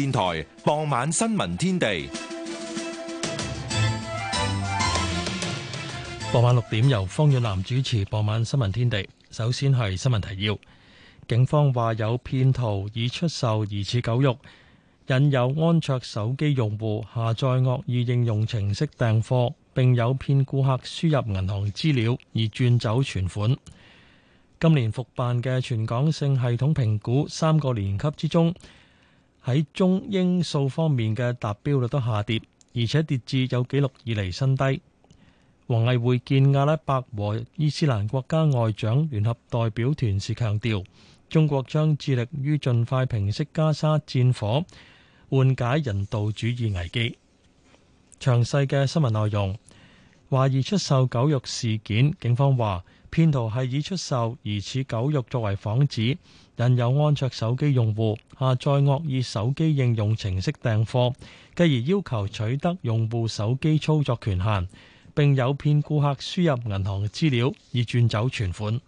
電台傍，傍晚新聞天地，傍晚六點由方遠南主持。傍晚新聞天地，首先係新聞提要。警方話有騙徒已出售疑似狗肉，引誘安卓手機用戶下載惡意應用程式訂貨，並誘騙顧客輸入銀行資料而轉走存款。今年復辦嘅全港性系統評估，三個年級之中。喺中英數方面嘅達標率都下跌，而且跌至有紀錄以嚟新低。王毅會見阿拉伯和伊斯蘭國家外長聯合代表團時強調，中國將致力於盡快平息加沙戰火，緩解人道主義危機。詳細嘅新聞內容，懷疑出售狗肉事件，警方話。騙徒係以出售疑似狗肉作為幌子，引誘安卓手機用戶下載惡意手機應用程式訂貨，繼而要求取得用戶手機操作權限，並誘騙顧客輸入銀行資料以轉走存款。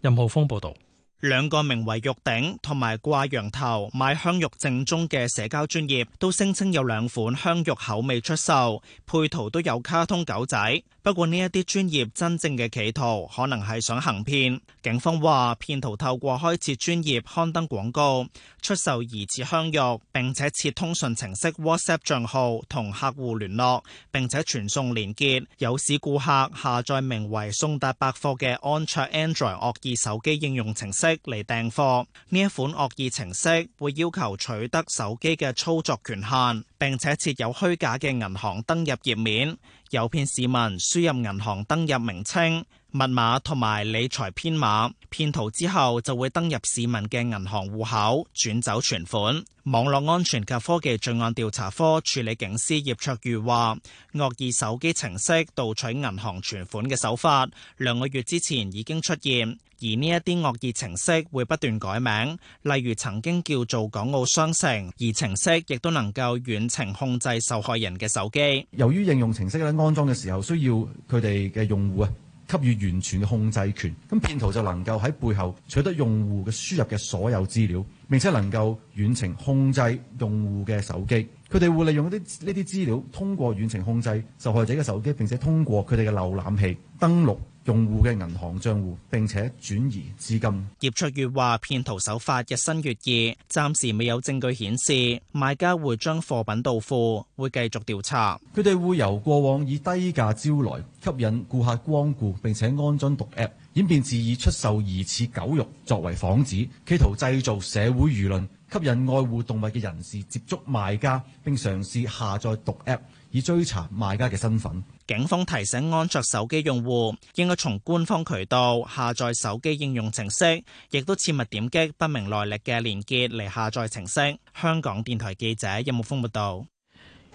任浩峰報導。兩個名為玉鼎、同埋掛羊頭賣香肉正宗嘅社交專業，都聲稱有兩款香肉口味出售，配圖都有卡通狗仔。不過呢一啲專業真正嘅企圖，可能係想行騙。警方話，騙徒透過開設專業刊登廣告，出售疑似香肉，並且設通訊程式 WhatsApp 賬號同客戶聯絡，並且傳送連結，誘使顧客下載名為送達百貨嘅安卓、Android 惡意手機應用程式。嚟訂貨呢一款惡意程式會要求取得手機嘅操作權限，並且設有虛假嘅銀行登入頁面，誘騙市民輸入銀行登入名稱、密碼同埋理財編碼，騙徒之後就會登入市民嘅銀行戶口轉走存款。網絡安全及科技罪案調查科處理警司葉卓如話，惡意手機程式盜取銀行存款嘅手法兩個月之前已經出現。而呢一啲惡意程式會不斷改名，例如曾經叫做港澳商城，而程式亦都能夠遠程控制受害人嘅手機。由於應用程式咧安裝嘅時候需要佢哋嘅用戶啊給予完全嘅控制權，咁騙徒就能夠喺背後取得用戶嘅輸入嘅所有資料，並且能夠遠程控制用戶嘅手機。佢哋會利用啲呢啲資料，通過遠程控制受害者嘅手機，並且通過佢哋嘅瀏覽器登錄。用戶嘅銀行賬戶並且轉移資金。葉卓月話騙徒手法日新月異，暫時未有證據顯示賣家會將貨品到庫，會繼續調查。佢哋會由過往以低價招來吸引顧客光顧，並且安裝毒 App，演變至以出售疑似狗肉作為幌子，企圖製造社會輿論，吸引愛護動物嘅人士接觸賣家並嘗試下載毒 App。以追查賣家嘅身份。警方提醒安卓手機用戶應該從官方渠道下載手機應用程式，亦都切勿點擊不明來歷嘅連結嚟下載程式。香港電台記者任木峰報道。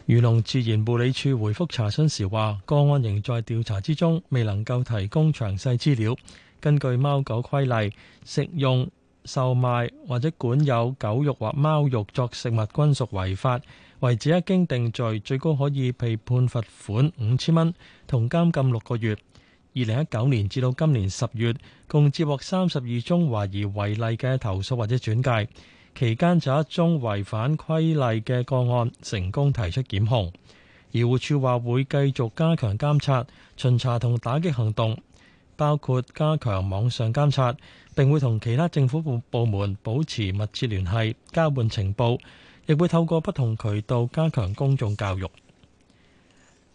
漁農自然護理署回覆查詢時話，個案仍在調查之中，未能夠提供詳細資料。根據貓狗規例，食用、售賣或者管有狗肉或貓肉作食物均屬違法。違者一經定罪，最高可以被判罰款五千蚊同監禁六個月。二零一九年至到今年十月，共接獲三十二宗懷疑違例嘅投訴或者轉介，期間就一宗違反規例嘅個案成功提出檢控。而護署話會繼續加強監察、巡查同打擊行動，包括加強網上監察，並會同其他政府部部門保持密切聯繫，交換情報。亦會透過不同渠道加強公眾教育。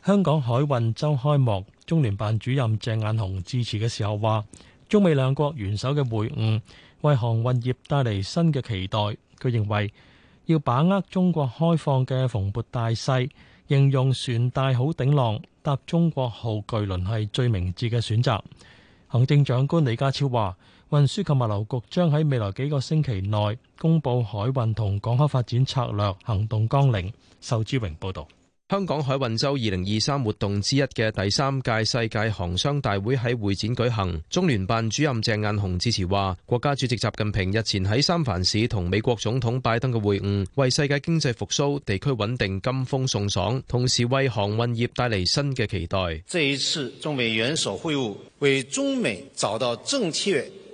香港海運週開幕，中聯辦主任鄭雁雄致辭嘅時候話：中美兩國元首嘅會晤為航運業帶嚟新嘅期待。佢認為要把握中國開放嘅蓬勃大勢，應用船大好頂浪，搭中國號巨輪係最明智嘅選擇。行政長官李家超話：運輸及物流局將喺未來幾個星期內公布海運同港口發展策略行動綱領。仇志榮報道。香港海運周二零二三活動之一嘅第三屆世界航商大會喺會展舉行。中聯辦主任鄭雁雄致辭話，國家主席習近平日前喺三藩市同美國總統拜登嘅會晤，為世界經濟復甦、地區穩定金風送爽，同時為航運業帶嚟新嘅期待。這一次中美元首會晤，為中美找到正確。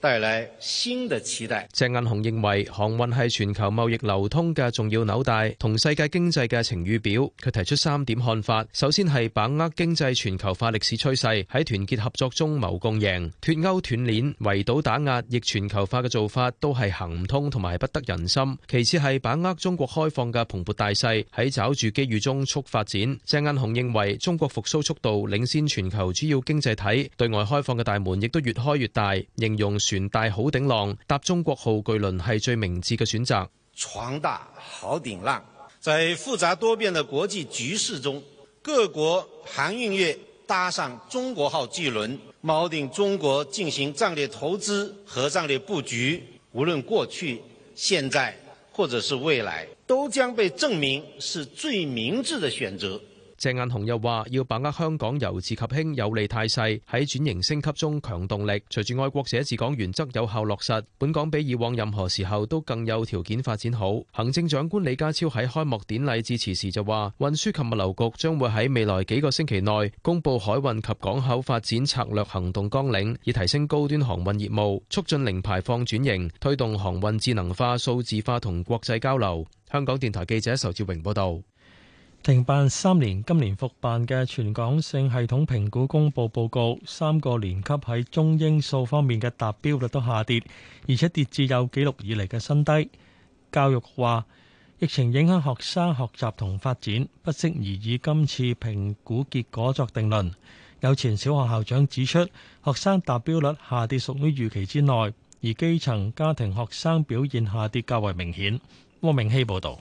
帶來新的期待。鄭雁雄認為，航運係全球貿易流通嘅重要紐帶，同世界經濟嘅晴雨表。佢提出三點看法：首先係把握經濟全球化歷史趨勢，喺團結合作中謀共贏。脱歐斷鏈、圍堵打壓、逆全球化嘅做法都係行唔通同埋不得人心。其次係把握中國開放嘅蓬勃大勢，喺抓住機遇中促發展。鄭雁雄認為，中國復甦速度領先全球主要經濟體，對外開放嘅大門亦都越開越大，形容。船大好頂浪，搭中國號巨輪係最明智嘅選擇。船大好頂浪，在複雜多變的國際局勢中，各國航運業搭上中國號巨輪，錨定中國進行戰略投資和戰略布局，無論過去、現在或者是未來，都將被證明是最明智的選擇。鄭雁雄又話：要把握香港由治及興有利態勢，喺轉型升級中強動力。隨住愛國者治港原則有效落實，本港比以往任何時候都更有條件發展好。行政長官李家超喺開幕典禮致辭時就話：運輸及物流局將會喺未來幾個星期內公布海運及港口發展策略行動綱領，以提升高端航運業務，促進零排放轉型，推動航運智能化、數字化同國際交流。香港電台記者仇志榮報道。停辦三年，今年復辦嘅全港性系統評估公布報，報告，三個年級喺中英數方面嘅達標率都下跌，而且跌至有紀錄以嚟嘅新低。教育話，疫情影響學生學習同發展，不適宜以今次評估結果作定論。有前小學校長指出，學生達標率下跌屬於預期之內，而基層家庭學生表現下跌較為明顯。汪明希報道。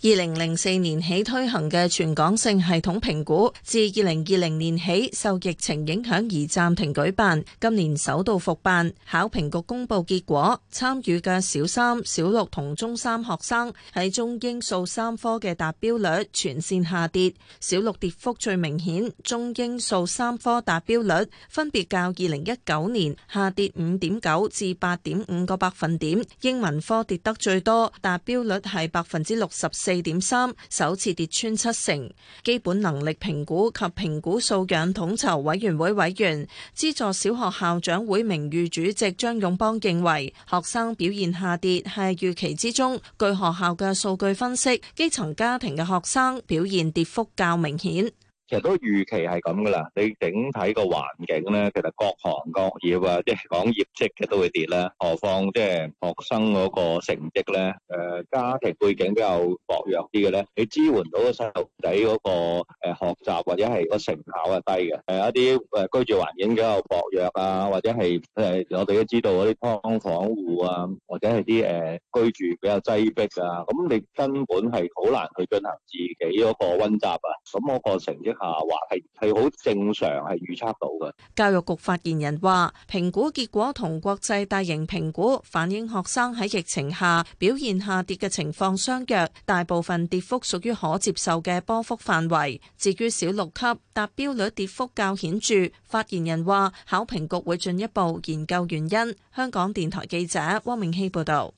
二零零四年起推行嘅全港性系統評估，自二零二零年起受疫情影響而暫停舉辦，今年首度復辦。考評局公布結果，參與嘅小三、小六同中三學生喺中英數三科嘅達標率全線下跌，小六跌幅最明顯，中英數三科達標率分別較二零一九年下跌五點九至八點五個百分點，英文科跌得最多，達標率係百分之六十四四點三，3, 首次跌穿七成。基本能力評估及評估素養統籌委員會委員、資助小學校長會名譽主席張勇邦認為，學生表現下跌係預期之中。據學校嘅數據分析，基層家庭嘅學生表現跌幅較明顯。其實都預期係咁噶啦，你整體個環境咧，其實各行各業啊，即係講業績嘅都會跌咧。何況即係學生嗰個成績咧，誒、呃、家庭背景比較薄弱啲嘅咧，你支援到個細路仔嗰個誒學習或者係個成效係低嘅。係、呃、一啲誒居住環境比較薄弱啊，或者係誒我哋都知道嗰啲劏房戶啊，或者係啲誒居住比較擠迫啊，咁你根本係好難去進行自己嗰個溫習啊。咁嗰個成績～啊，或係係好正常，係預測到嘅。教育局發言人話，評估結果同國際大型評估反映學生喺疫情下表現下跌嘅情況相若，大部分跌幅屬於可接受嘅波幅範圍，至於小六級達標率跌幅較顯著，發言人話考評局會進一步研究原因。香港電台記者汪明熙報道。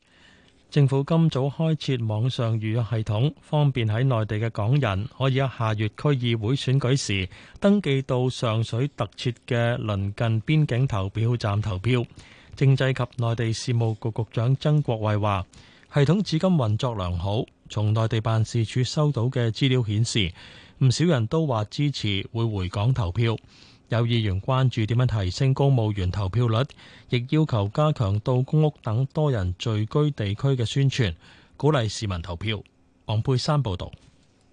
政府今早開設網上預約系統，方便喺內地嘅港人可以喺下月區議會選舉時登記到上水特設嘅鄰近邊境投票站投票。政制及內地事務局局長曾國衛話，系統至今運作良好，從內地辦事處收到嘅資料顯示，唔少人都話支持會回港投票。有議員關注點樣提升公務員投票率，亦要求加強到公屋等多人聚居地區嘅宣傳，鼓勵市民投票。王佩珊報導。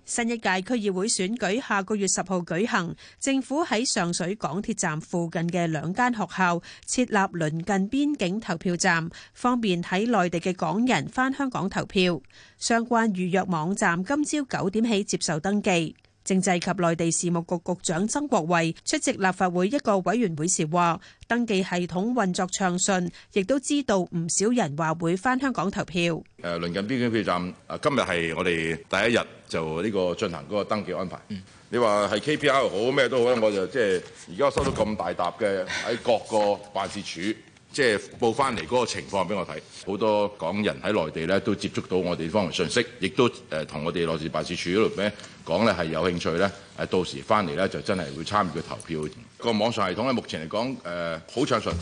新一屆區議會選舉下個月十號舉行，政府喺上水港鐵站附近嘅兩間學校設立鄰近邊境投票站，方便喺內地嘅港人返香港投票。相關預約網站今朝九點起接受登記。政制及內地事務局局長曾國衛出席立法會一個委員會時話：登記系統運作暢順，亦都知道唔少人話會返香港投票。誒，鄰近邊境票站？啊，今日係我哋第一日就呢個進行嗰個登記安排。嗯，你話喺 KPR 好咩都好咧，我就即係而家收到咁大沓嘅喺各個辦事處。即係報翻嚟嗰個情況俾我睇，好多港人喺內地呢都接觸到我哋方嘅信息，亦都誒同我哋內地辦事處嗰度咩講呢係有興趣呢，誒到時翻嚟呢就真係會參與投票。個網上系統咧目前嚟講誒好暢順。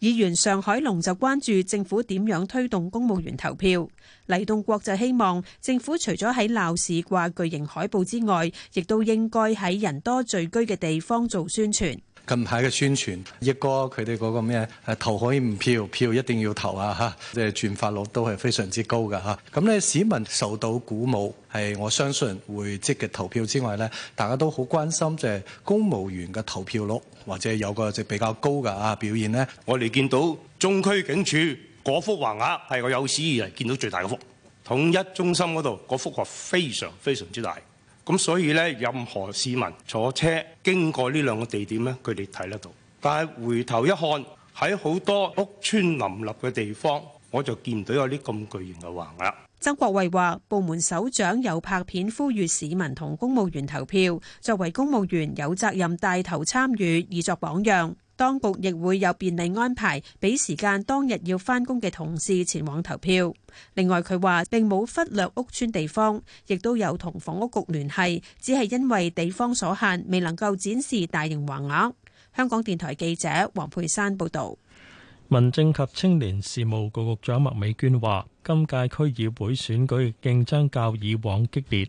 議員上海龍就關注政府點樣推動公務員投票，黎棟國就希望政府除咗喺鬧市掛巨型海報之外，亦都應該喺人多聚居嘅地方做宣傳。近排嘅宣傳，益哥他們那，佢哋嗰個咩誒投可以唔票，票一定要投啊！嚇，即係轉發率都係非常之高噶嚇。咁、啊、咧、嗯、市民受到鼓舞，係我相信會積極投票之外咧，大家都好關心即係公務員嘅投票率或者有個即係比較高噶啊表現咧。我哋見到中區警署嗰幅橫額係我有史以來見到最大嘅幅，統一中心嗰度嗰幅係非常非常之大。咁所以咧，任何市民坐車經過呢兩個地點咧，佢哋睇得到。但係回頭一看，喺好多屋邨林立嘅地方，我就見唔到有啲咁巨型嘅橫額。曾國衛話，部門首長有拍片呼籲市民同公務員投票，作為公務員有責任帶頭參與以作榜樣。當局亦會有便利安排，俾時間當日要翻工嘅同事前往投票。另外，佢話並冇忽略屋邨地方，亦都有同房屋局聯繫，只係因為地方所限，未能夠展示大型橫額。香港電台記者黃佩珊報道。民政及青年事務局局長麥美娟話：今屆區議會選舉競爭較以往激烈，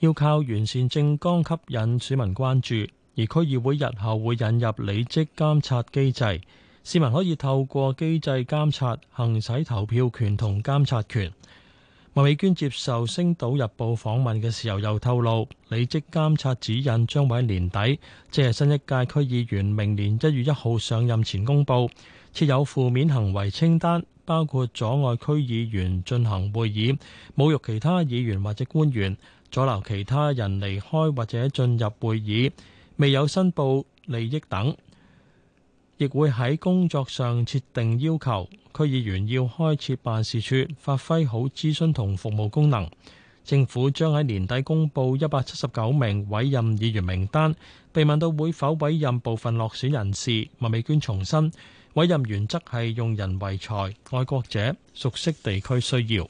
要靠完善政綱吸引市民關注。而區議會日後會引入履職監察機制，市民可以透過機制監察行使投票權同監察權。麥美娟接受《星島日報》訪問嘅時候又透露，履職監察指引將會喺年底，即係新一屆區議員明年一月一號上任前公布，設有負面行為清單，包括阻礙區議員進行會議、侮辱其他議員或者官員、阻撓其他人離開或者進入會議。未有申報利益等，亦會喺工作上設定要求。區議員要開設辦事處，發揮好諮詢同服務功能。政府將喺年底公佈一百七十九名委任議員名單。被問到會否委任部分落選人士，麥美娟重申委任原則係用人為才，愛國者熟悉地區需要。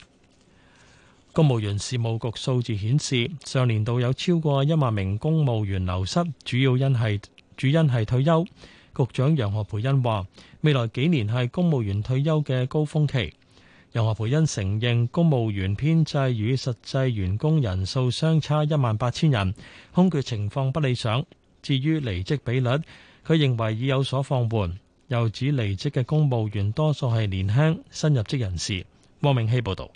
公務員事務局數字顯示，上年度有超過一萬名公務員流失，主要因係主因係退休。局長楊何蓓茵話：未來幾年係公務員退休嘅高峯期。楊何蓓茵承認，公務員編制與實際員工人數相差一萬八千人，空缺情況不理想。至於離職比率，佢認為已有所放緩。又指離職嘅公務員多數係年輕新入職人士。汪明希報道。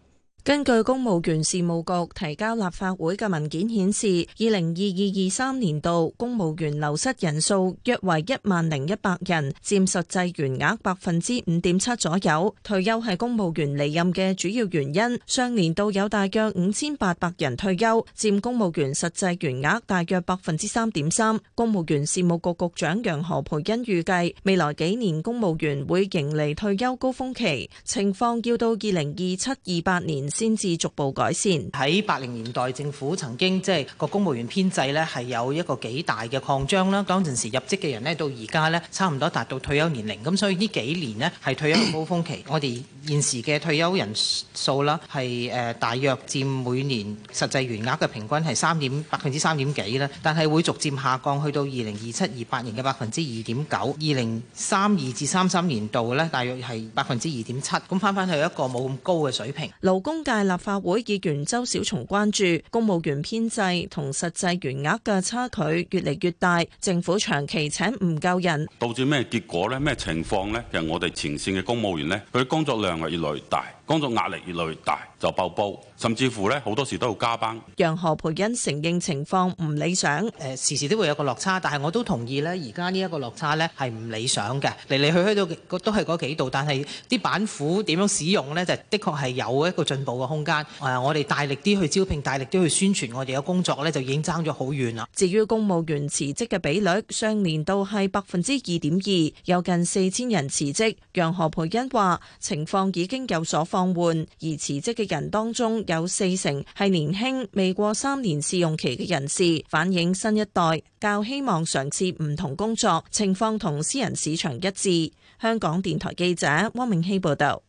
根據公務員事務局提交立法會嘅文件顯示，二零二二二三年度公務員流失人數約為一萬零一百人，佔實際員額百分之五點七左右。退休係公務員離任嘅主要原因，上年度有大約五千八百人退休，佔公務員實際員額大約百分之三點三。公務員事務局局長楊何蓓茵預計，未來幾年公務員會迎嚟退休高峰期，情況要到二零二七二八年先至逐步改善。喺八零年代，政府曾經即係個公務員編制咧，係有一個幾大嘅擴張啦。當陣時入職嘅人咧，到而家咧，差唔多達到退休年齡。咁所以呢幾年咧，係退休高峰期。 我哋現時嘅退休人數啦，係誒大約佔每年實際餘額嘅平均係三點百分之三點幾啦。但係會逐漸下降，去到二零二七二八年嘅百分之二點九，二零三二至三三年度咧，大約係百分之二點七。咁翻翻去一個冇咁高嘅水平。勞工界立法會議員周小松關注公務員編制同實際員額嘅差距越嚟越大，政府長期請唔夠人，導致咩結果呢？咩情況呢？其實我哋前線嘅公務員呢，佢工作量係越嚟越大。工作壓力越來越大，就爆煲，甚至乎咧好多時都要加班。楊何培恩承認情況唔理想。誒，時時都會有個落差，但係我都同意咧，而家呢一個落差咧係唔理想嘅，嚟嚟去去都都係嗰幾度。但係啲板斧點樣使用呢？就的確係有一個進步嘅空間。誒，我哋大力啲去招聘，大力啲去宣傳我哋嘅工作咧，就已經爭咗好遠啦。至於公務員辭職嘅比率，上年度係百分之二點二，有近四千人辭職。楊何培恩話：情況已經有所放緩，而辭職嘅人當中有四成係年輕未過三年試用期嘅人士，反映新一代較希望嘗試唔同工作，情況同私人市場一致。香港電台記者汪明熙報導。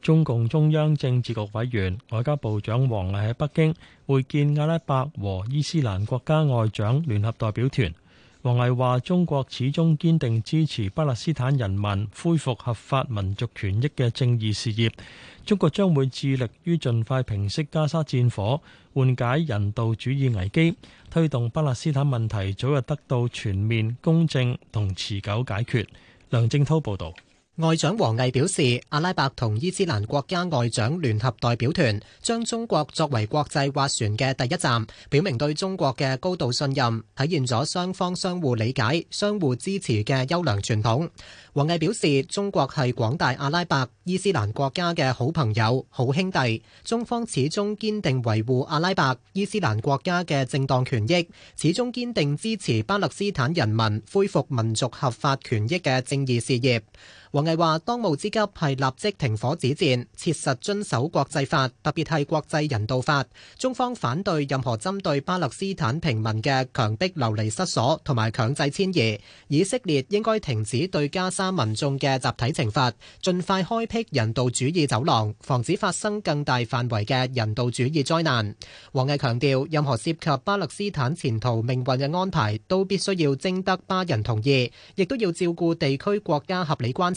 中共中央政治局委員、外交部長王毅喺北京會見阿拉伯和伊斯蘭國家外長聯合代表團。王毅話：中國始終堅定支持巴勒斯坦人民恢復合法民族權益嘅正義事業。中國將會致力於盡快平息加沙戰火，緩解人道主義危機，推動巴勒斯坦問題早日得到全面公正同持久解決。梁正濤報導。外長王毅表示，阿拉伯同伊斯蘭國家外長聯合代表團將中國作為國際斡旋嘅第一站，表明對中國嘅高度信任，體現咗雙方相互理解、相互支持嘅優良傳統。王毅表示，中國係廣大阿拉伯伊斯蘭國家嘅好朋友、好兄弟，中方始終堅定維護阿拉伯伊斯蘭國家嘅正當權益，始終堅定支持巴勒斯坦人民恢復民族合法權益嘅正義事業。王毅話：當務之急係立即停火止戰，切實遵守國際法，特別係國際人道法。中方反對任何針對巴勒斯坦平民嘅強迫流離失所同埋強制遷移。以色列應該停止對加沙民眾嘅集體懲罰，盡快開闢人道主義走廊，防止發生更大範圍嘅人道主義災難。王毅強調，任何涉及巴勒斯坦前途命運嘅安排，都必須要徵得巴人同意，亦都要照顧地區國家合理關。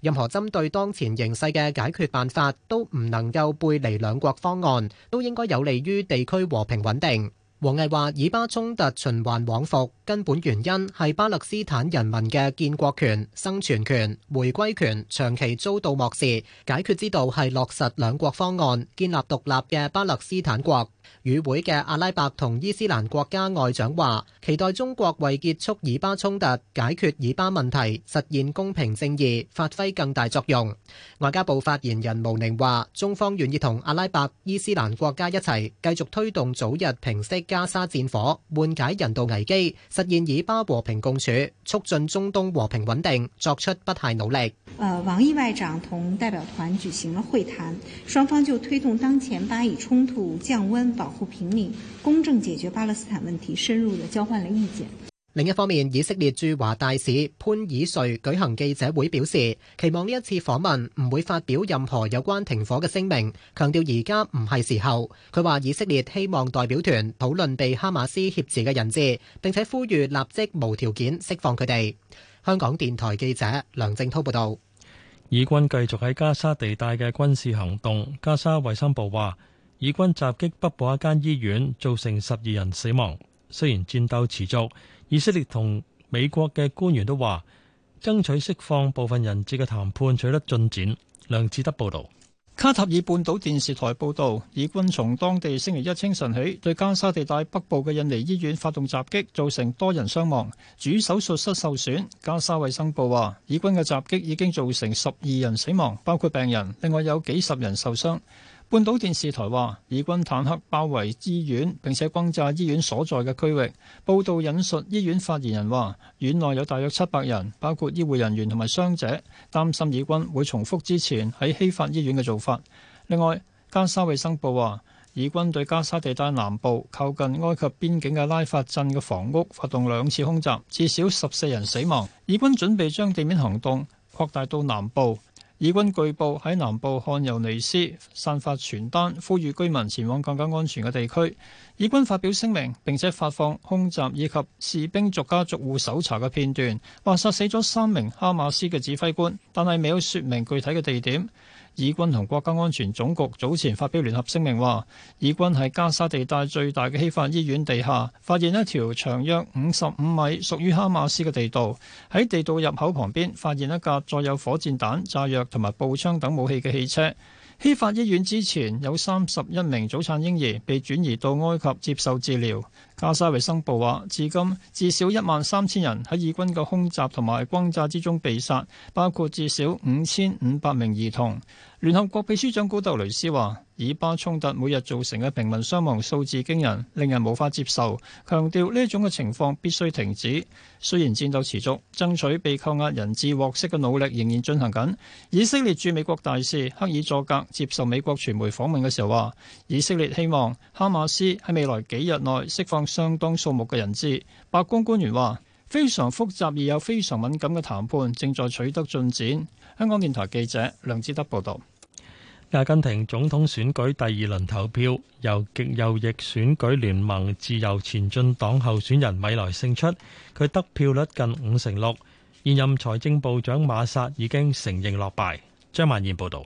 任何針對當前形勢嘅解決辦法都唔能夠背離兩國方案，都應該有利於地區和平穩定。王毅話：以巴衝突循環往復，根本原因係巴勒斯坦人民嘅建國權、生存權、回歸權長期遭到漠視。解決之道係落實兩國方案，建立獨立嘅巴勒斯坦國。與會嘅阿拉伯同伊斯蘭國家外長話，期待中國為結束以巴衝突、解決以巴問題、實現公平正義發揮更大作用。外交部發言人毛寧話，中方願意同阿拉伯、伊斯蘭國家一齊，繼續推動早日平息加沙戰火，緩解人道危機，實現以巴和平共處，促進中東和平穩定，作出不懈努力。誒、呃，王毅外長同代表團舉行了會談，雙方就推動當前巴以衝突降温。保護平民、公正解決巴勒斯坦問題，深入的交換了意見。另一方面，以色列駐華大使潘以瑞舉行記者會表示，期望呢一次訪問唔會發表任何有關停火嘅聲明，強調而家唔係時候。佢話以色列希望代表團討論被哈馬斯挾持嘅人質，並且呼籲立即無條件釋放佢哋。香港電台記者梁正濤報道。以軍繼續喺加沙地帶嘅軍事行動，加沙衛生部話。以軍襲擊北部一間醫院，造成十二人死亡。雖然戰鬥持續，以色列同美國嘅官員都話，爭取釋放部分人質嘅談判取得進展。梁志德報導。卡塔爾半島電視台報導，以軍從當地星期一清晨起對加沙地帶北部嘅印尼醫院發動襲擊，造成多人傷亡，主手術室受損。加沙衛生部話，以軍嘅襲擊已經造成十二人死亡，包括病人，另外有幾十人受傷。半島電視台話，以軍坦克包圍醫院，並且轟炸醫院所在嘅區域。報道引述醫院發言人話：院內有大約七百人，包括醫護人員同埋傷者，擔心以軍會重複之前喺希法醫院嘅做法。另外，加沙衛生部話，以軍對加沙地帶南部靠近埃及邊境嘅拉法鎮嘅房屋發動兩次空襲，至少十四人死亡。以軍準備將地面行動擴大到南部。以軍據報喺南部漢尤尼斯散發傳單，呼籲居民前往更加安全嘅地區。以軍發表聲明，並且發放空襲以及士兵逐家逐戶搜查嘅片段，話殺死咗三名哈馬斯嘅指揮官，但係未有説明具體嘅地點。以軍同國家安全總局早前發表聯合聲明話，以軍喺加沙地帶最大嘅希法醫院地下發現一條長約五十五米、屬於哈馬斯嘅地道。喺地道入口旁邊發現一架載有火箭彈、炸藥同埋步槍等武器嘅汽車。希法醫院之前有三十一名早產嬰兒被轉移到埃及接受治療。加沙衛生部話，至今至少一萬三千人喺以軍嘅空襲同埋轟炸之中被殺，包括至少五千五百名兒童。聯合國秘書長古特雷斯話，以巴衝突每日造成嘅平民傷亡數字驚人，令人無法接受，強調呢一種嘅情況必須停止。雖然戰鬥持續，爭取被扣押人質獲釋嘅努力仍然進行緊。以色列駐美國大使克爾佐格接受美國傳媒訪問嘅時候話，以色列希望哈馬斯喺未來幾日內釋放相當數目嘅人質，白宮官員話：非常複雜而又非常敏感嘅談判正在取得進展。香港電台記者梁志德報道。阿根廷總統選舉第二輪投票由極右翼選舉聯盟自由前進黨候選人米萊勝出，佢得票率近五成六。現任財政部長馬薩已經承認落敗。張曼燕報道。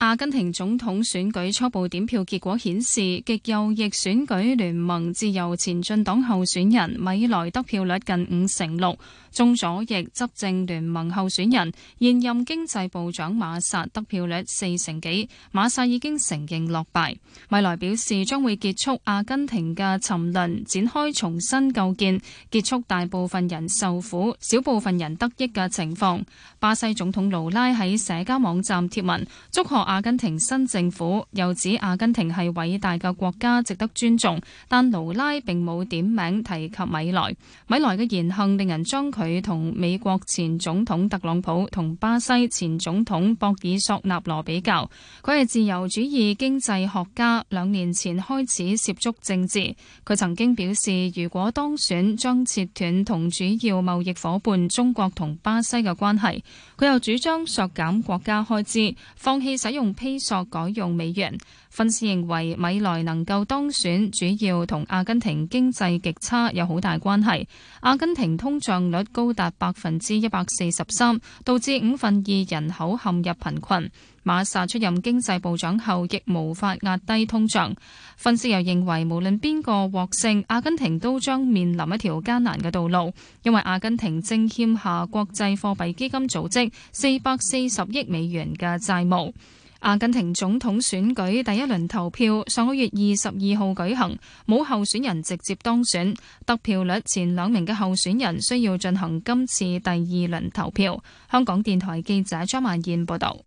阿根廷總統選舉初步點票結果顯示，極右翼選舉聯盟自由前進黨候選人米萊得票率近五成六。中左翼執政聯盟候選人現任經濟部長馬薩得票率四成幾，馬薩已經承認落敗。米萊表示將會結束阿根廷嘅沉淪，展開重新構建，結束大部分人受苦、少部分人得益嘅情況。巴西總統盧拉喺社交網站貼文，祝賀阿根廷新政府，又指阿根廷係偉大嘅國家，值得尊重。但盧拉並冇點名提及米萊。米萊嘅言行令人將佢佢同美國前總統特朗普同巴西前總統博爾索納羅比較，佢係自由主義經濟學家，兩年前開始涉足政治。佢曾經表示，如果當選，將切斷同主要貿易夥伴中國同巴西嘅關係。佢又主張削減國家開支，放棄使用披索，改用美元。分析認為米萊能夠當選，主要同阿根廷經濟極差有好大關係。阿根廷通脹率高達百分之一百四十三，導致五分二人口陷入貧困。馬薩出任經濟部長後，亦無法壓低通脹。分析又認為，無論邊個獲勝，阿根廷都將面臨一條艱難嘅道路，因為阿根廷正欠下國際貨幣基金組織四百四十億美元嘅債務。阿根廷總統選舉第一輪投票上個月二十二號舉行，冇候選人直接當選，得票率前兩名嘅候選人需要進行今次第二輪投票。香港電台記者張萬燕報道。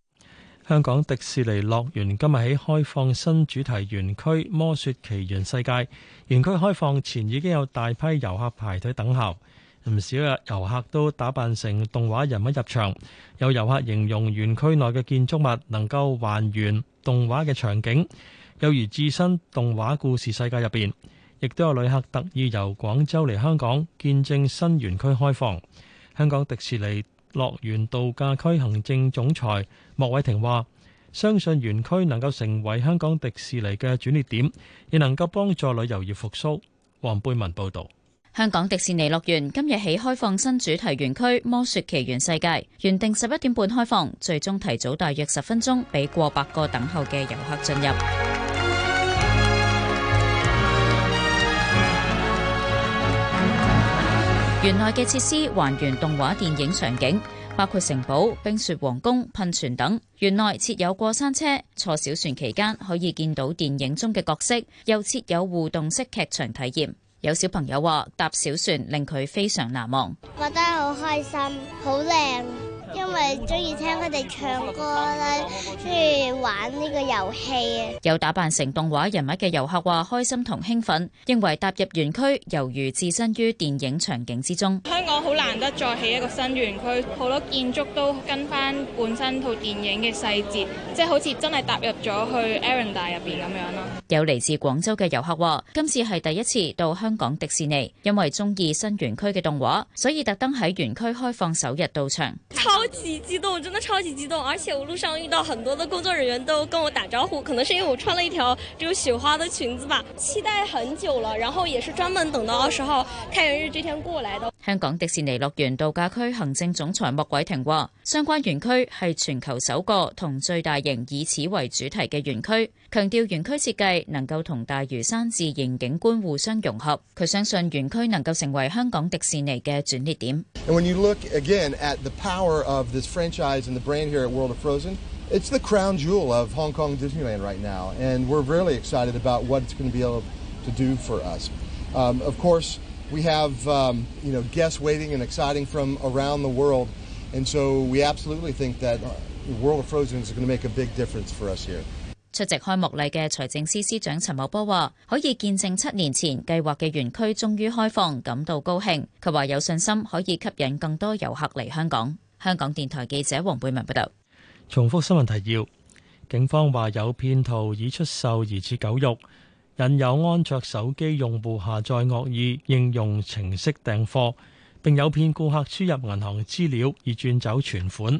香港迪士尼樂園今日起開放新主題園區《魔雪奇緣世界》，園區開放前已經有大批遊客排隊等候。唔少嘅遊客都打扮成動畫人物入場，有遊客形容園區內嘅建築物能夠還原動畫嘅場景，有如置身動畫故事世界入邊。亦都有旅客特意由廣州嚟香港見證新園區開放。香港迪士尼樂園度假區行政總裁莫偉庭話：相信園區能夠成為香港迪士尼嘅轉捩點，亦能夠幫助旅遊業復甦。黃貝文報導。香港迪士尼樂園今日起開放新主題園區《魔雪奇緣世界》，原定十一點半開放，最終提早大約十分鐘，俾過百個等候嘅遊客進入。園內嘅設施還原動畫電影場景，包括城堡、冰雪皇宮、噴泉等。園內設有過山車，坐小船期間可以見到電影中嘅角色，又設有互動式劇場體驗。有小朋友話：搭小船令佢非常難忘，覺得好開心，好靚。因為中意聽佢哋唱歌啦，中意玩呢個遊戲啊！有打扮成動畫人物嘅遊客話：開心同興奮，認為踏入園區猶如置身於電影場景之中。香港好難得再起一個新園區，好多建築都跟翻本身套電影嘅細節，即係好似真係踏入咗去《艾倫戴爾》入邊咁樣咯。有嚟自廣州嘅遊客話：今次係第一次到香港迪士尼，因為中意新園區嘅動畫，所以特登喺園區開放首日到場。超級激動，真的超級激動，而且我路上遇到很多的工作人員都跟我打招呼，可能是因為我穿了一條這個雪花的裙子吧。期待很久了，然後也是專門等到二十號開園日這天過來的。香港迪士尼樂園度假區行政總裁莫偉霆話：相關園區係全球首個同最大型以此為主題嘅園區。強調園區設計能夠同大嶼山自然景觀互相融合，佢相信園區能夠成為香港迪士尼嘅轉捩點。出席開幕禮嘅財政司司長陳茂波話可以見證七年前計劃嘅園區終於開放，感到高興，佢話有信心可以吸引更多遊客嚟香港。香港電台記者黃貝文報道。重複新聞提要：警方話有騙徒已出售疑似狗肉，引誘安卓手機用戶下載惡意應用程式訂貨，並誘騙顧客輸入銀行資料而轉走存款。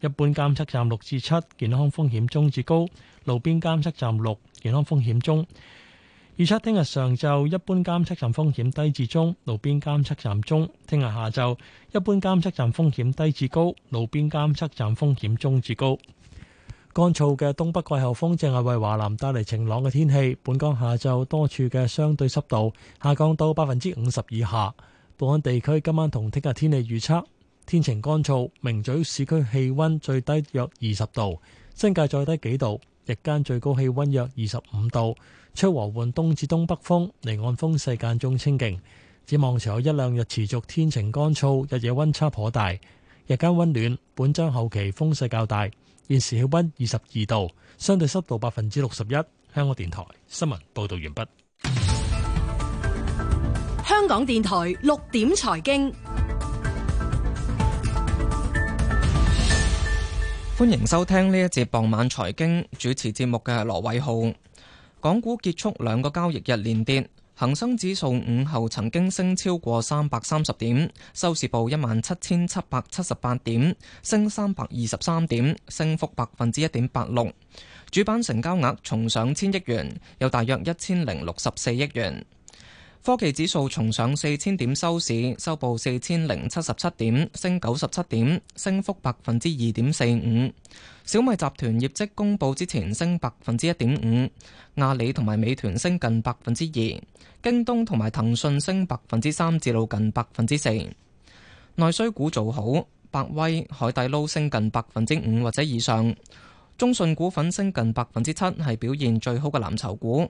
一般監測站六至七，健康風險中至高；路邊監測站六，健康風險中。預測聽日上晝一般監測站風險低至中，路邊監測站中；聽日下晝一般監測站風險低至高，路邊監測站風險中至高。乾燥嘅東北季候風正係為華南帶嚟晴朗嘅天氣。本港下晝多處嘅相對濕度下降到百分之五十以下。本港地區今晚同聽日天氣預測。天晴乾燥，明早市區氣温最低約二十度，新界再低幾度，日間最高氣温約二十五度，吹和緩東至東北風，離岸風勢間中清勁。展望仲有一兩日持續天晴乾燥，日夜温差頗大，日間温暖。本周後期風勢較大，現時氣温二十二度，相對濕度百分之六十一。香港電台新聞報道完畢。香港電台六點財經。歡迎收聽呢一節傍晚財經，主持節目嘅羅偉浩。港股結束兩個交易日連跌，恒生指數午後曾經升超過三百三十點，收市報一萬七千七百七十八點，升三百二十三點，升幅百分之一點八六。主板成交額重上千億元，有大約一千零六十四億元。科技指數重上四千點收市，收報四千零七十七點，升九十七點，升幅百分之二點四五。小米集團業績公布之前升百分之一點五，阿里同埋美團升近百分之二，京東同埋騰訊升百分之三至到近百分之四。內需股做好，百威、海底撈升近百分之五或者以上，中信股份升近百分之七，係表現最好嘅藍籌股。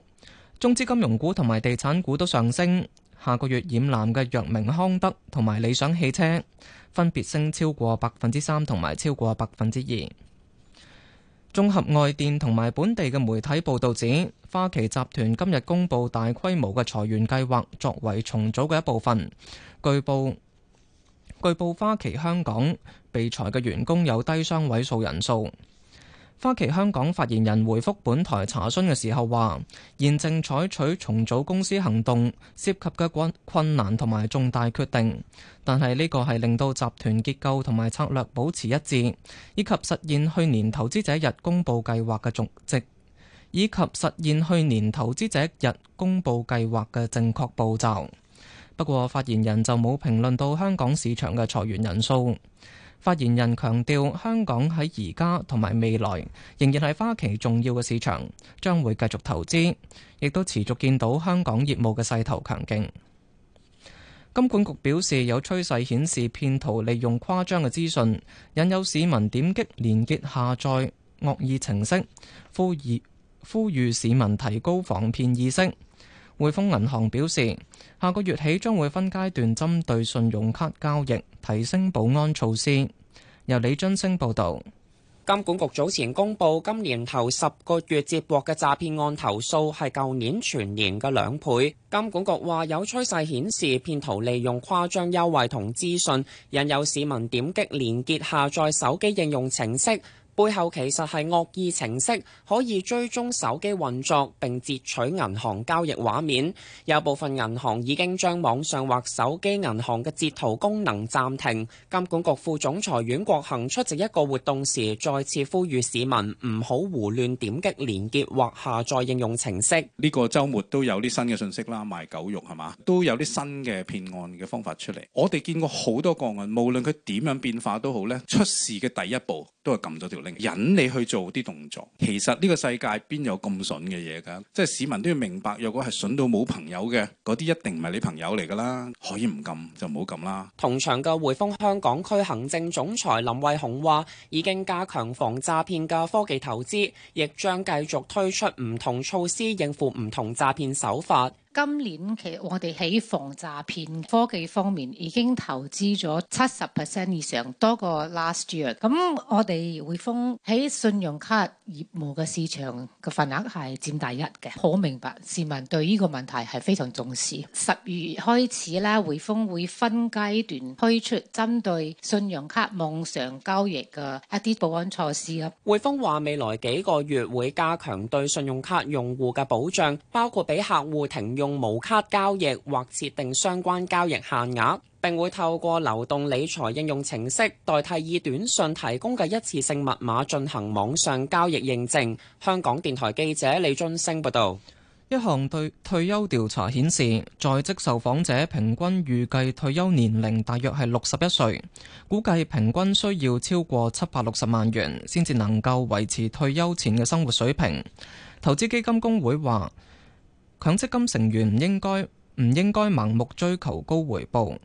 中資金融股同埋地產股都上升，下個月染藍嘅藥明康德同埋理想汽車分別升超過百分之三同埋超過百分之二。綜合外電同埋本地嘅媒體報導指，花旗集團今日公布大規模嘅裁員計劃，作為重組嘅一部分。據報據報花旗香港被裁嘅員工有低雙位數人數。花旗香港發言人回覆本台查詢嘅時候話：現正採取重組公司行動，涉及嘅困困難同埋重大決定，但係呢個係令到集團結構同埋策略保持一致，以及實現去年投資者日公佈計劃嘅續跡，以及實現去年投資者日公佈計劃嘅正確步驟。不過發言人就冇評論到香港市場嘅裁員人數。發言人強調，香港喺而家同埋未來仍然係花旗重要嘅市場，將會繼續投資，亦都持續見到香港業務嘅勢頭強勁。金管局表示，有趨勢顯示騙徒利用誇張嘅資訊，引誘市民點擊連結下載惡意程式，呼籲呼籲市民提高防騙意識。匯豐銀行表示，下個月起將會分階段針對信用卡交易提升保安措施。由李津星報道。金管局早前公布，今年頭十個月接獲嘅詐騙案投訴係舊年全年嘅兩倍。金管局話有趨勢顯示，騙徒利用誇張優惠同資訊引誘市民點擊連結下載手機應用程式。背後其實係惡意程式，可以追蹤手機運作，並截取銀行交易畫面。有部分銀行已經將網上或手機銀行嘅截圖功能暫停。金管局副總裁阮國恒出席一個活動時，再次呼籲市民唔好胡亂點擊連結或下載應用程式。呢個周末都有啲新嘅信息啦，賣狗肉係嘛？都有啲新嘅騙案嘅方法出嚟。我哋見過好多個案，無論佢點樣變化都好呢出事嘅第一步都係撳咗條引你去做啲動作，其實呢個世界邊有咁筍嘅嘢噶？即係市民都要明白，若果係筍到冇朋友嘅，嗰啲一定唔係你朋友嚟噶啦。可以唔撳就唔好撳啦。同場嘅滙豐香港區行政總裁林慧虹話，已經加強防詐騙嘅科技投資，亦將繼續推出唔同措施應付唔同詐騙手法。今年其實我哋喺防詐騙科技方面已經投資咗七十 percent 以上多過 last year。咁我哋匯豐喺信用卡業務嘅市場嘅份額係佔第一嘅，好明白市民對呢個問題係非常重視，十二月開始啦，匯豐會分階段推出針對信用卡網上交易嘅一啲保安措施。匯豐話未來幾個月會加強對信用卡用戶嘅保障，包括俾客戶停用。用無卡交易或設定相關交易限額，並會透過流動理財應用程式代替以短信提供嘅一次性密碼進行網上交易認證。香港電台記者李津升報道。一項對退休調查顯示，在職受訪者平均預計退休年齡大約係六十一歲，估計平均需要超過七百六十萬元先至能夠維持退休前嘅生活水平。投資基金工會話。強積金成員唔應該唔應該盲目追求高回報。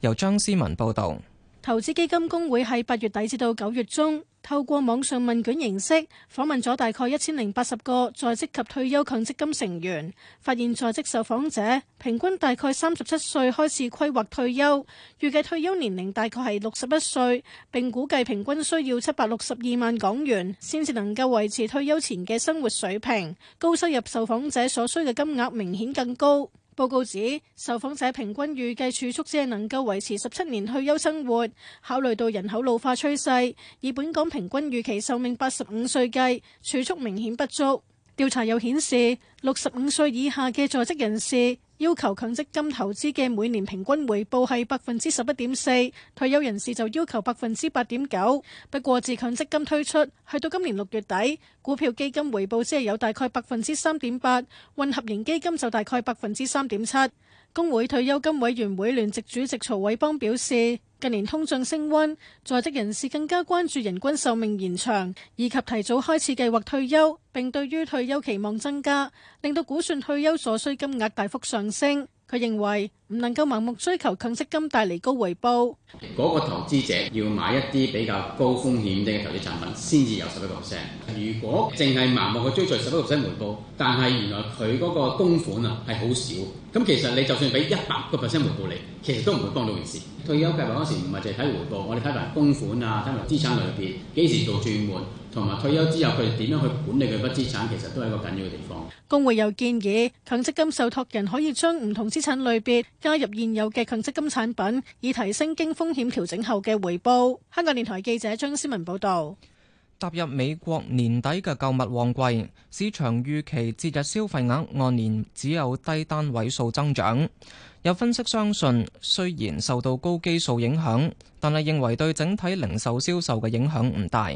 由張思文報導。投資基金公會喺八月底至到九月中，透過網上問卷形式訪問咗大概一千零八十個在職及退休強積金成員，發現在職受訪者平均大概三十七歲開始規劃退休，預計退休年齡大概係六十一歲，並估計平均需要七百六十二萬港元先至能夠維持退休前嘅生活水平。高收入受訪者所需嘅金額明顯更高。報告指，受訪者平均預計儲蓄只係能夠維持十七年退休生活。考慮到人口老化趨勢，以本港平均預期壽命八十五歲計，儲蓄明顯不足。調查又顯示，六十五歲以下嘅在職人士要求強積金投資嘅每年平均回報係百分之十一點四，退休人士就要求百分之八點九。不過自強積金推出，去到今年六月底，股票基金回報只係有大概百分之三點八，混合型基金就大概百分之三點七。工會退休金委員會聯席主席曹偉邦表示，近年通脹升溫，在職人士更加關注人均壽命延長，以及提早開始計劃退休，並對於退休期望增加，令到估算退休所需金額大幅上升。佢認為唔能夠盲目追求強積金帶嚟高回報。嗰個投資者要買一啲比較高風險啲嘅投資產品，先至有十一個 percent。如果淨係盲目去追隨十一個 percent 回報，但係原來佢嗰個供款啊係好少。咁其實你就算俾一百個 percent 回報你，其實都唔會幫到件事。退休計劃嗰時唔係淨係睇回報，我哋睇埋供款啊，睇埋資產類別，幾時到轉換。同埋退休之後，佢點樣去管理佢嗰啲資產，其實都係一個緊要嘅地方。工會又建議強積金受託人可以將唔同資產類別加入現有嘅強積金產品，以提升經風險調整後嘅回報。香港電台記者張思文報導。踏入美國年底嘅購物旺季，市場預期節日消費額按年只有低單位數增長。有分析相信，雖然受到高基數影響，但係認為對整體零售銷售嘅影響唔大。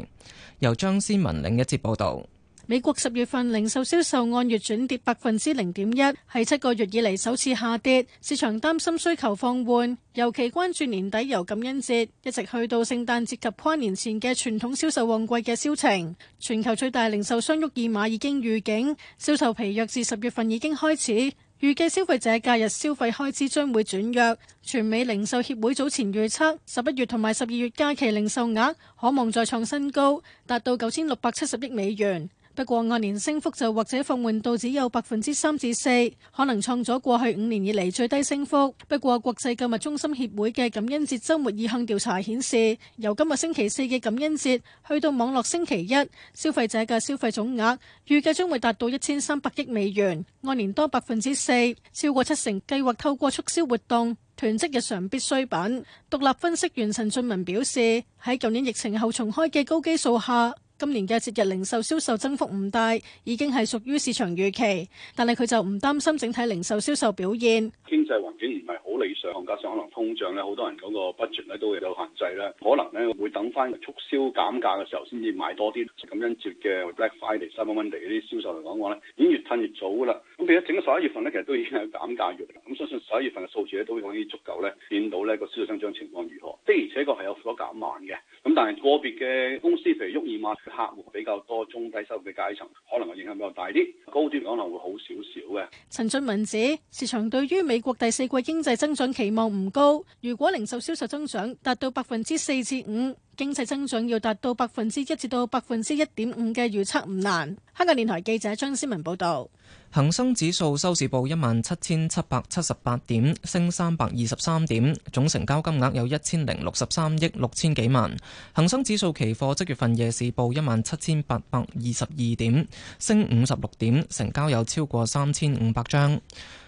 由張思文另一節報道，美國十月份零售銷售按月轉跌百分之零點一，係七個月以嚟首次下跌。市場擔心需求放緩，尤其關注年底由感恩節，一直去到聖誕節及跨年前嘅傳統銷售旺季嘅銷情。全球最大零售商沃爾瑪已經預警，銷售疲弱自十月份已經開始。預計消費者假日消費開支將會轉弱。全美零售協會早前預測，十一月同埋十二月假期零售額可望再創新高，達到九千六百七十億美元。不過按年升幅就或者放緩到只有百分之三至四，可能創咗過去五年以嚟最低升幅。不過國際購物中心協會嘅感恩節周末意向調查顯示，由今日星期四嘅感恩節去到網絡星期一，消費者嘅消費總額預計將會達到一千三百億美元，按年多百分之四，超過七成計劃透過促銷活動囤積日常必需品。獨立分析員陳俊文表示，喺舊年疫情後重開嘅高基數下，今年嘅節日零售銷售增幅唔大，已經係屬於市場預期，但係佢就唔擔心整體零售銷售表現。經濟環境唔係好理想，加上可能通脹咧，好多人嗰個 budget 咧都會有限制咧，可能咧會等翻個促銷減價嘅時候先至買多啲。感恩節嘅 Black Friday、Cyber Monday 啲銷售嚟講講咧，已經越褪越早啦。咁變咗整十一月份咧，其實都已經係減價月啦。咁相信十一月份嘅數字咧，都已經足夠咧見到呢個銷售增長情況如何。的而且確係有所減慢嘅，咁但係個別嘅公司譬如沃爾瑪。客戶比較多中低收入嘅階層，可能受影響比較大啲，高端可能會好少少嘅。陳俊文指，市場對於美國第四季經濟增長期望唔高，如果零售銷售增長達到百分之四至五，經濟增長要達到百分之一至到百分之一點五嘅預測唔難。香港電台記者張思文報道。恒生指數收市報一萬七千七百七十八點，升三百二十三點，總成交金額有一千零六十三億六千幾萬。恒生指數期貨即月份夜市報一萬七千八百二十二點，升五十六點，成交有超過三千五百張。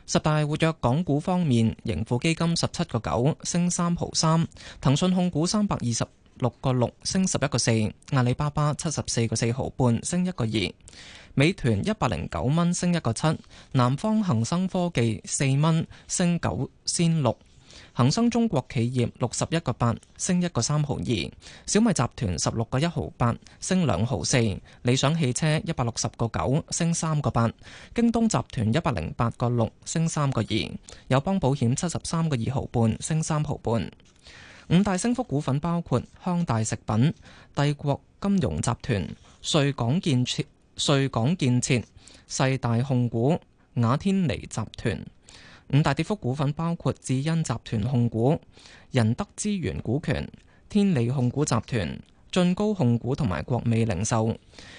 十大活躍港股方面，盈富基金十七個九升三毫三，騰訊控股三百二十六個六升十一個四，阿里巴巴七十四個四毫半升一個二。美團一百零九蚊，升一個七；南方恒生科技四蚊，升九仙六；恒生中國企業六十一個八，升一個三毫二；小米集團十六個一毫八，升兩毫四；理想汽車一百六十個九，升三個八；京東集團一百零八個六，升三個二；友邦保險七十三個二毫半，升三毫半。五大升幅股份包括康大食品、帝國金融集團、瑞港建設。瑞港建設、世大控股、雅天尼集團。五大跌幅股份，包括智恩集團控股、仁德資源股權、天利控股集團、進高控股同埋國美零售。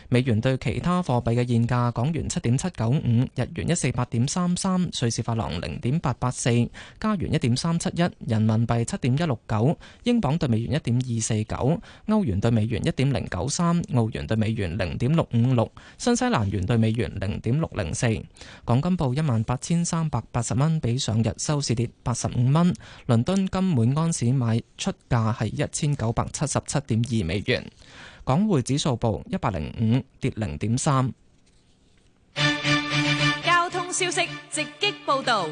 美元兌其他貨幣嘅現價：港元七點七九五，日元一四八點三三，瑞士法郎零點八八四，加元一點三七一，人民幣七點一六九，英鎊對美元一點二四九，歐元對美元一點零九三，澳元對美元零點六五六，新西蘭元對美元零點六零四。港金報一萬八千三百八十蚊，比上日收市跌八十五蚊。倫敦金每盎司買出價係一千九百七十七點二美元。港匯指數報一百零五，105，跌零點三。交通消息直擊報道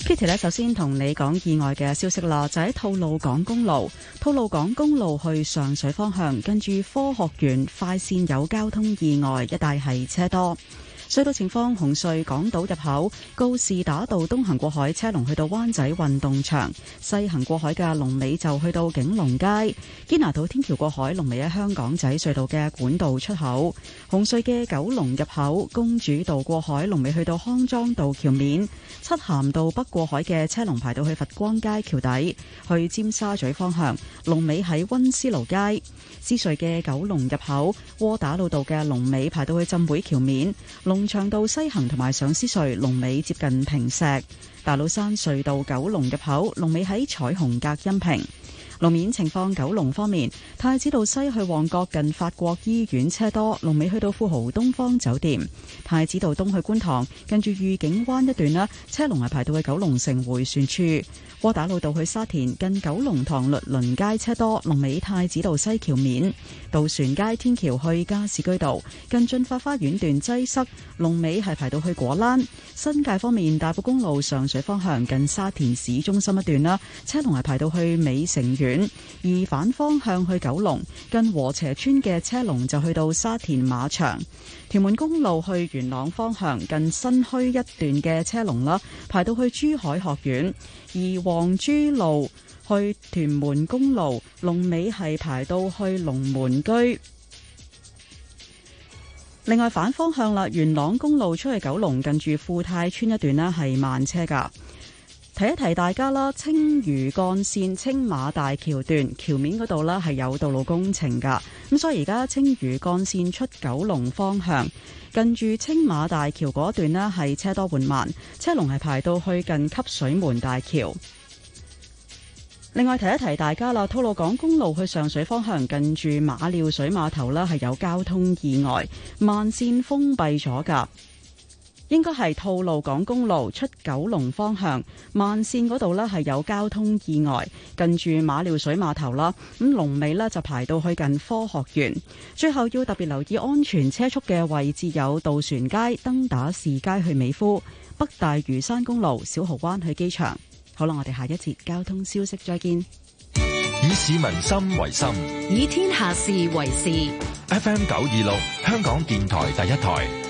，Kitty 首先同你講意外嘅消息啦，就喺、是、吐露港公路，吐露港公路去上水方向，跟住科學園快綫有交通意外，一帶係車多。隧道情況，紅隧港島入口告士打道東行過海，車龍去到灣仔運動場；西行過海嘅龍尾就去到景隆街。堅拿道天橋過海，龍尾喺香港仔隧道嘅管道出口。紅隧嘅九龍入口公主道過海，龍尾去到康莊道橋面。漆咸道北過海嘅車龍排到去佛光街橋底，去尖沙咀方向，龍尾喺溫思勞街。獅隧嘅九龍入口窩打老道嘅龍尾排到去浸會橋面，龍長到西行同埋上獅隧，龍尾接近坪石，大老山隧道九龍入口龍尾喺彩虹隔音屏。路面情況，九龍方面，太子道西去旺角近法國醫院車多，龍尾去到富豪東方酒店；太子道東去觀塘，近住御景灣一段啦，車龍係排到去九龍城迴旋處；窩打老道去沙田，近九龍塘律倫街車多，龍尾太子道西橋面；渡船街天橋去加士居道，近駿發花園段擠塞，龍尾係排到去果欄；新界方面，大埔公路上水方向近沙田市中心一段啦，車龍係排到去美城園。而反方向去九龍近和斜村嘅車龍就去到沙田馬場，屯門公路去元朗方向近新墟一段嘅車龍啦，排到去珠海學院，而黃珠路去屯門公路龍尾係排到去龍門居。另外反方向啦，元朗公路出去九龍近住富泰村一段咧係慢車噶。提一提大家啦，青嶼幹線青馬大橋段橋面嗰度呢係有道路工程噶，咁所以而家青嶼幹線出九龍方向，近住青馬大橋嗰段呢係車多緩慢，車龍係排到去近汲水門大橋。另外提一提大家啦，吐露港公路去上水方向，近住馬料水碼頭咧係有交通意外，慢綫封閉咗噶。應該係吐露港公路出九龍方向，慢線嗰度呢係有交通意外，近住馬料水碼頭啦。咁龍尾呢就排到去近科學園。最後要特別留意安全車速嘅位置有渡船街、登打士街去美孚、北大嶼山公路、小蠔灣去機場。好啦，我哋下一節交通消息再見。以市民心為心，以天下事為事。FM 九二六，香港電台第一台。